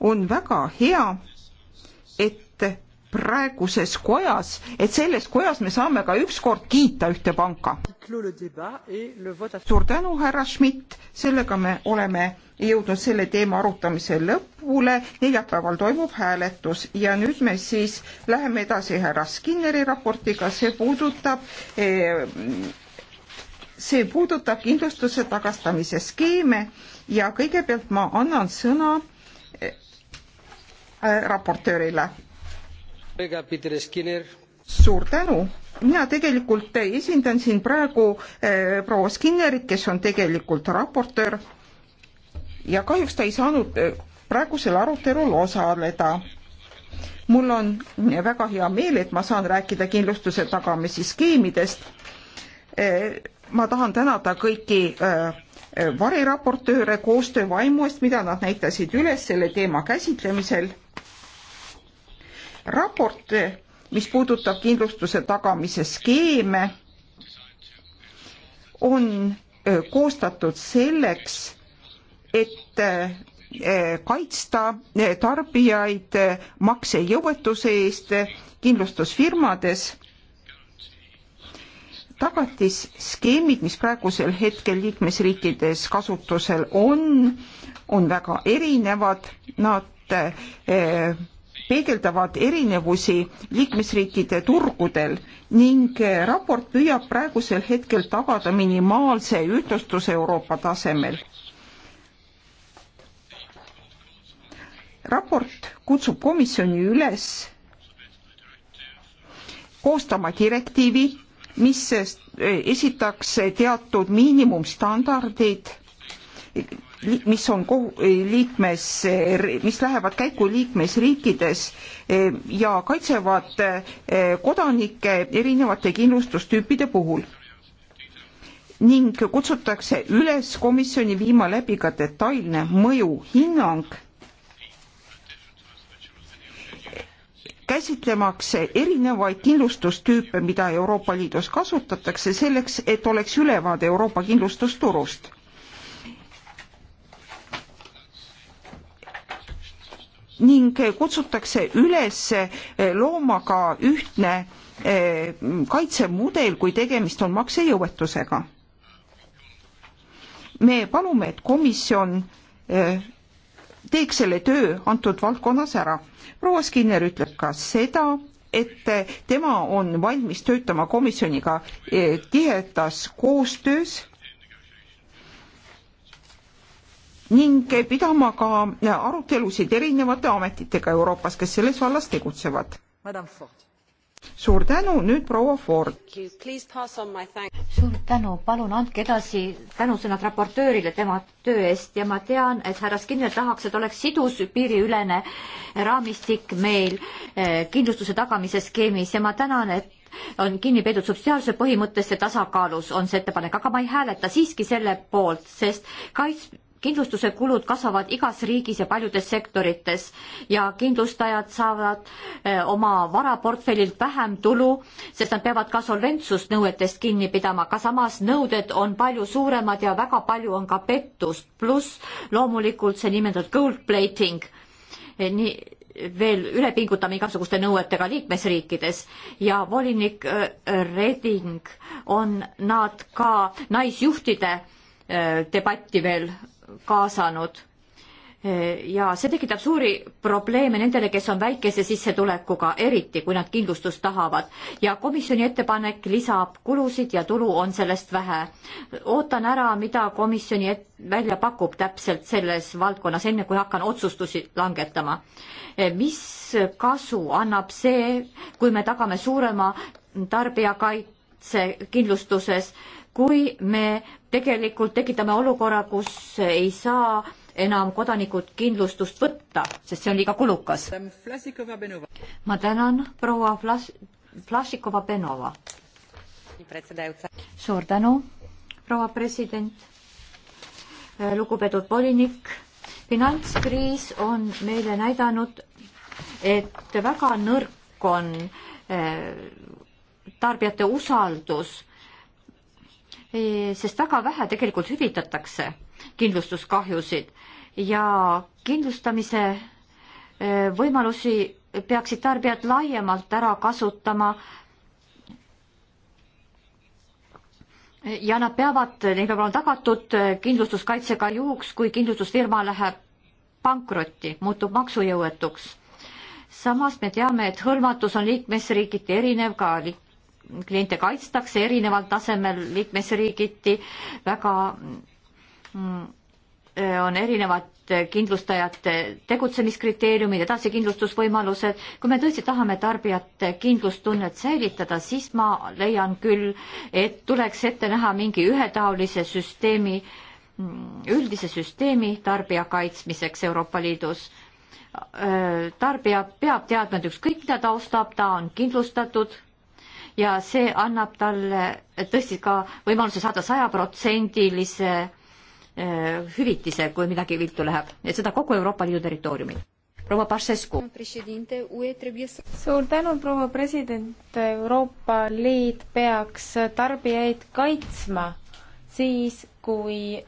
on väga hea, et praeguses kojas, et selles kojas me saame ka ükskord kiita ühte panka. suur tänu, härra Schmidt, sellega me oleme jõudnud selle teema arutamise lõpule, neljapäeval toimub hääletus ja nüüd me siis läheme edasi härra Skinneri raportiga, see puudutab eh, see puudutab kindlustuse tagastamise skeeme ja kõigepealt ma annan sõna eh, Äh, raportöörile. suur tänu, mina tegelikult esindan siin praegu eh, proua Skinnerit, kes on tegelikult raportöör ja kahjuks ta ei saanud äh, praegusel arutelul osaleda mul on väga hea meel, et ma saan rääkida kindlustuse tagamise skeemidest. ma tahan tänada kõiki variraportööre koostöö vaimu eest, mida nad näitasid üles selle teema käsitlemisel raport, mis puudutab kindlustuse tagamise skeeme, on koostatud selleks, et kaitsta tarbijaid maksejõuetuse eest kindlustusfirmades. tagatisskeemid, mis praegusel hetkel liikmesriikides kasutusel on, on väga erinevad, nad peegeldavad erinevusi liikmesriikide turgudel ning raport püüab praegusel hetkel tagada minimaalse ühtlustuse Euroopa tasemel. raport kutsub komisjoni üles koostama direktiivi, mis esitaks teatud miinimumstandardid mis on liikmes, mis lähevad käiku liikmesriikides eh, ja kaitsevad eh, kodanikke erinevate kindlustustüüpide puhul ning kutsutakse üles komisjoni viima läbi ka detailne mõjuhinnang, käsitlemaks erinevaid kindlustustüüpe, mida Euroopa Liidus kasutatakse, selleks et oleks ülevaade Euroopa kindlustusturust ning kutsutakse üles eh, looma ka ühtne eh, kaitsemudel, kui tegemist on maksejõuetusega. me palume, et komisjon eh, teeks selle töö antud valdkonnas ära. proua Skinner ütleb ka seda, et tema on valmis töötama komisjoniga tihedas koostöös ning pidama ka arutelusid erinevate ametitega Euroopas, kes selles vallas tegutsevad. suur tänu, nüüd proua Ford. suur tänu, palun andke edasi tänusõnad raportöörile tema töö eest ja ma tean, et härra Skinner tahaks, et oleks sidus piiriülene raamistik meil eh, kindlustuse tagamise skeemis ja ma tänan, et on kinni peetud subsidiaarsuse põhimõttesse tasakaalus on see ettepanek, aga ma ei hääleta siiski selle poolt, sest kaits-, kindlustuse kulud kasvavad igas riigis ja paljudes sektorites ja kindlustajad saavad eh, oma varaportfellilt vähem tulu, sest nad peavad ka solventsusnõuetest kinni pidama, aga samas nõuded on palju suuremad ja väga palju on ka pettust, pluss loomulikult see nimetatud gold plating, eh, nii veel üle pingutame igasuguste nõuetega liikmesriikides ja volinik eh, Reding on nad ka naisjuhtide debatti veel kaasanud ja see tekitab suuri probleeme nendele, kes on väikese sissetulekuga, eriti kui nad kindlustust tahavad. ja komisjoni ettepanek lisab kulusid ja tulu on sellest vähe. ootan ära, mida komisjoni et-, välja pakub täpselt selles valdkonnas, enne kui hakkan otsustusi langetama. mis kasu annab see, kui me tagame suurema tarbijakaitse kindlustuses äh, kui me tegelikult tekitame olukorra, kus ei saa enam kodanikud kindlustust võtta, sest see on liiga kulukas. ma tänan, proua Flas-, Flašikova-Benova. suur tänu, proua president. lugupeetud volinik, finantskriis on meile näidanud, et väga nõrk on eh, tarbijate usaldus sest väga vähe tegelikult hüvitatakse kindlustuskahjusid ja kindlustamise võimalusi peaksid tarbijad laiemalt ära kasutama. ja nad peavad, neil peab olema tagatud kindlustuskaitsega juhuks, kui kindlustusfirma läheb pankrotti, muutub maksujõuetuks. samas me teame, et hõlmatus on liikmesriigiti erinev ka liik kliente kaitstakse erineval tasemel liikmesriigiti, väga mm, eh, on erinevad kindlustajate tegutsemiskriteeriumid, edasikindlustusvõimalused. kui me tõesti tahame tarbijate kindlustunnet säilitada, siis ma leian küll, et tuleks ette näha mingi ühetaolise süsteemi, mm, üldise süsteemi tarbija kaitsmiseks Euroopa Liidus eh, tarbija peab teadma, et ükskõik mida ta ostab, ta on kindlustatud ja see annab talle tõesti ka võimaluse saada sajaprotsendilise eh, hüvitise, kui midagi viltu läheb, et seda kogu Euroopa Liidu territooriumil. proua Pašescu. suur tänu, proua president, Euroopa Liit peaks tarbijaid kaitsma siis, kui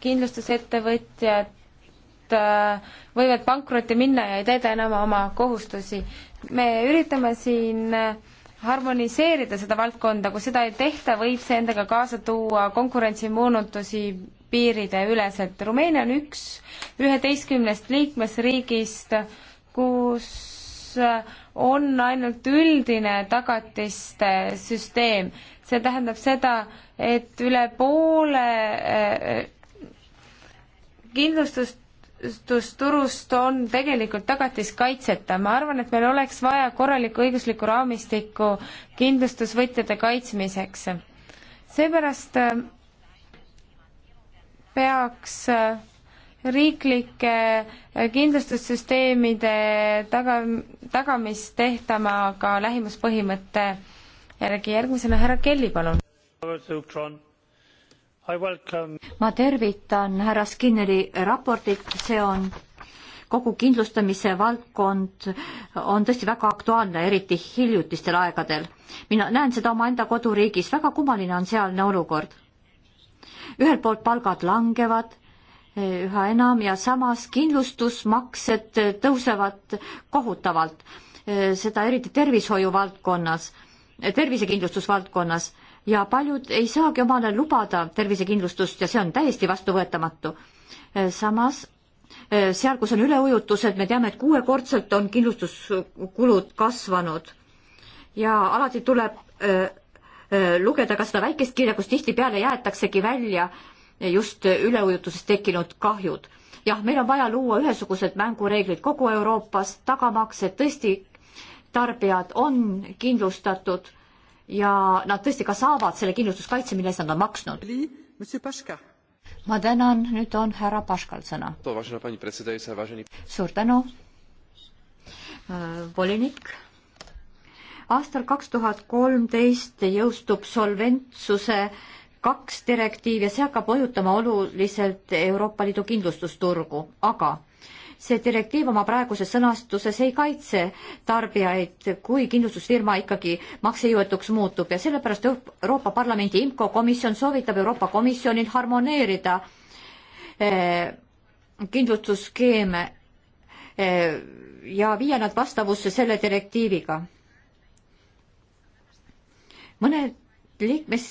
kindlustusettevõtjad eh, võivad pankrotti minna ja ei täida enam oma kohustusi. me üritame siin eh, harmoniseerida seda valdkonda, kui seda ei tehta, võib see endaga kaasa tuua konkurentsimoonutusi piirideüleselt. Rumeenia on üks üheteistkümnest liikmesriigist, kus on ainult üldine tagatiste süsteem. see tähendab seda, et üle poole eh, eh, kindlustust kaubandusturust on tegelikult tagatiskaitseta. ma arvan, et meil oleks vaja korralikku õiguslikku raamistikku kindlustusvõtjate kaitsmiseks. seepärast äh, peaks äh, riiklike äh, kindlustussüsteemide taga, tagamist tehtama ka lähimuspõhimõtte järgi. järgmisena härra Kelly, palun ma tervitan härra Skinneri raportit, see on kogu kindlustamise valdkond on tõesti väga aktuaalne, eriti hiljutistel aegadel. mina näen seda omaenda koduriigis, väga kummaline on sealne olukord. ühelt poolt palgad langevad eh, üha enam ja samas kindlustusmaksed tõusevad kohutavalt, eh, seda eriti tervishoiu valdkonnas, eh, tervisekindlustusvaldkonnas ja paljud ei saagi omale lubada tervisekindlustust ja see on täiesti vastuvõetamatu. Eh, samas eh, seal, kus on üleujutused, me teame, et kuuekordselt on kindlustuskulud kasvanud ja alati tuleb öö, eh, öö, lugeda ka seda väikest kirja, kus tihtipeale jäetaksegi välja just üleujutusest tekkinud kahjud. jah, meil on vaja luua ühesugused mängureeglid kogu Euroopas, tagamaks, et tõesti tarbijad on kindlustatud ja nad tõesti ka saavad selle kindlustuskaitse, mille eest nad on maksnud. ma tänan, nüüd on härra Paškal sõna. suur tänu, äh, volinik. aastal kaks tuhat kolmteist jõustub solventsuse kaks direktiiv ja see hakkab mõjutama oluliselt Euroopa Liidu kindlustusturgu, aga see direktiiv oma praeguses sõnastuses ei kaitse tarbijaid, kui kindlustusfirma ikkagi maksejõuetuks muutub ja sellepärast Euroopa Parlamendi IMCO komisjon soovitab Euroopa Komisjonil harmoneerida eh, kindlustusskeeme eh, ja viia nad vastavusse selle direktiiviga. mõned liikmes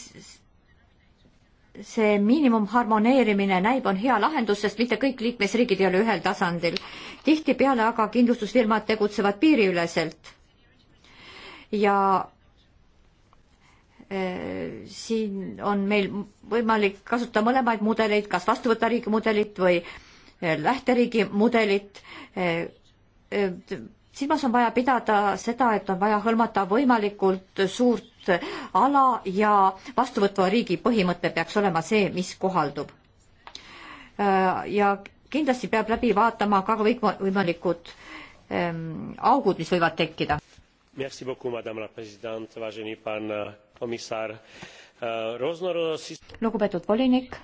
see miinimumharmoneerimine näib, on hea lahendus, sest mitte kõik liikmesriigid ei ole ühel tasandil. tihtipeale aga kindlustusfirmad tegutsevad piiriüleselt. ja äh, siin on meil võimalik kasutada mõlemaid mudeleid, kas vastuvõtariigi mudelit või äh, lähteriigi mudelit äh,. Äh, silmas on vaja pidada seda, et on vaja hõlmata võimalikult suurt ala ja vastuvõtva riigi põhimõte peaks olema see, mis kohaldub. Äh, ja kindlasti peab läbi vaatama ka kõikvõimalikud ähm, augud, mis võivad tekkida. Merci beaucoup, madame la president, vážený pan äh, komissar. Äh, lugupeetud volinik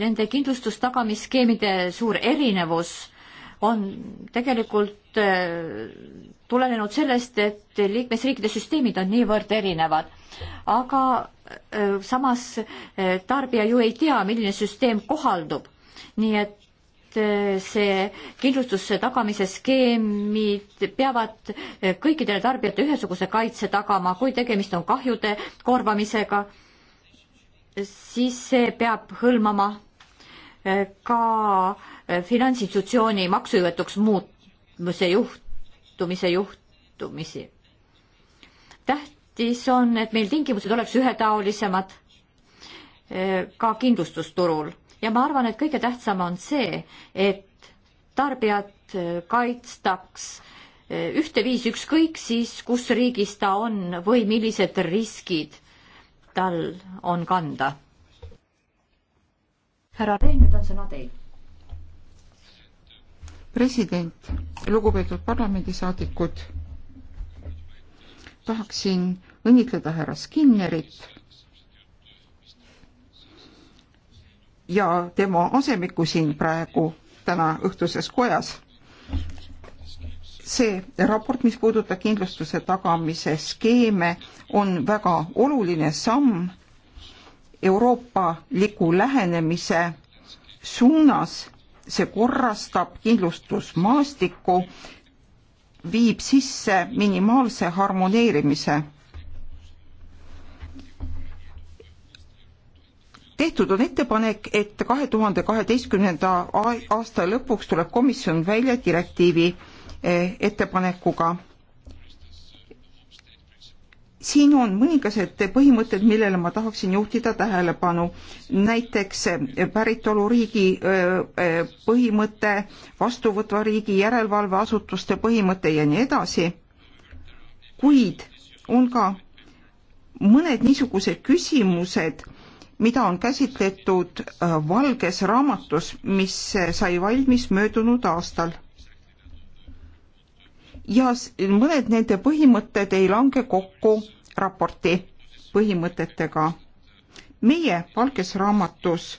nende kindlustustagamiskeemide suur erinevus on tegelikult äh, tulenenud sellest, et liikmesriikide süsteemid on niivõrd erinevad. aga äh, samas äh, tarbija ju ei tea, milline süsteem kohaldub. nii et see kindlustuse tagamise skeemid peavad kõikidele tarbijate ühesuguse kaitse tagama, kui tegemist on kahjude korvamisega, siis see peab hõlmama ka finantsinstitutsiooni maksujõuetuks muutmise juhtumise juhtumisi. tähtis on, et meil tingimused oleks ühetaolisemad eh, ka kindlustusturul ja ma arvan, et kõige tähtsam on see, et tarbijat eh, kaitstaks eh, ühteviisi, ükskõik siis, kus riigis ta on või millised riskid tal on kanda härra Rein, nüüd on sõna teil. president, lugupeetud parlamendisaadikud, tahaksin õnnitleda härra Skinnerit ja tema asemikku siin praegu täna õhtuses kojas. see raport, mis puudutab kindlustuse tagamise skeeme, on väga oluline samm euroopaliku lähenemise suunas, see korrastab kindlustusmaastikku, viib sisse minimaalse harmoneerimise. tehtud on ettepanek, et kahe tuhande kaheteistkümnenda aasta lõpuks tuleb komisjon välja direktiivi eh, ettepanekuga siin on mõningased põhimõtted, millele ma tahaksin juhtida tähelepanu. näiteks eh, päritoluriigi eh, eh, põhimõte, vastuvõtva riigi järelevalveasutuste põhimõte ja nii edasi. kuid on ka mõned niisugused küsimused, mida on käsitletud valges raamatus, mis sai valmis möödunud aastal. ja mõned nende põhimõtted ei lange kokku raporti põhimõtetega. meie Valges Raamatus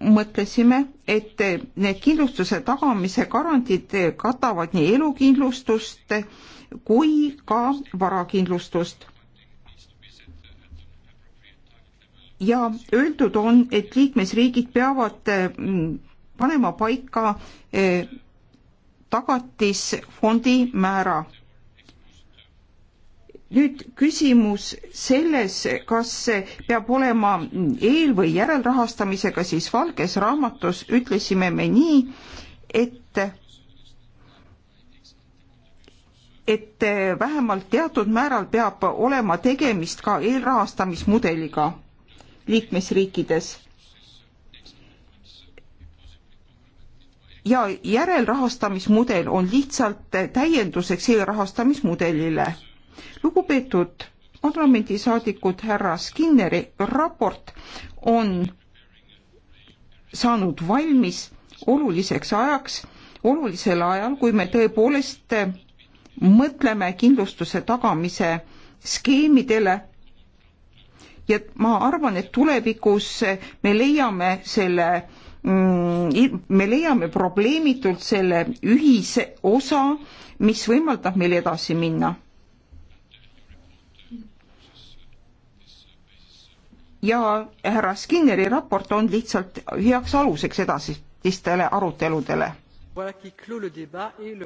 mõtlesime, et need kindlustuse tagamise garantiid katavad nii elukindlustust kui ka varakindlustust. ja öeldud on, et liikmesriigid peavad mm, panema paika eh, tagatisfondi määra nüüd küsimus selles, kas peab olema eel- või järelrahastamisega, siis Valges Raamatus ütlesime me nii, et et vähemalt teatud määral peab olema tegemist ka eelrahastamismudeliga liikmesriikides ja järelrahastamismudel on lihtsalt täienduseks eelrahastamismudelile lugupeetud parlamendisaadikud, härra Skinneri raport on saanud valmis oluliseks ajaks, olulisel ajal, kui me tõepoolest mõtleme kindlustuse tagamise skeemidele ja ma arvan, et tulevikus me leiame selle mm, me leiame probleemitult selle ühise osa, mis võimaldab meil edasi minna ja härra Skinneri raport on lihtsalt heaks aluseks edasistele aruteludele.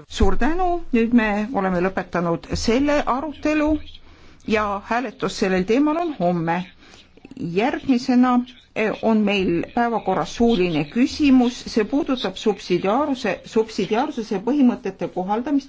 suur tänu, nüüd me oleme lõpetanud selle arutelu ja hääletus sellel teemal on homme. järgmisena e, on meil päevakorras suuline küsimus, see puudutab subsidiaarsuse, subsidiaarsuse põhimõtete kohaldamist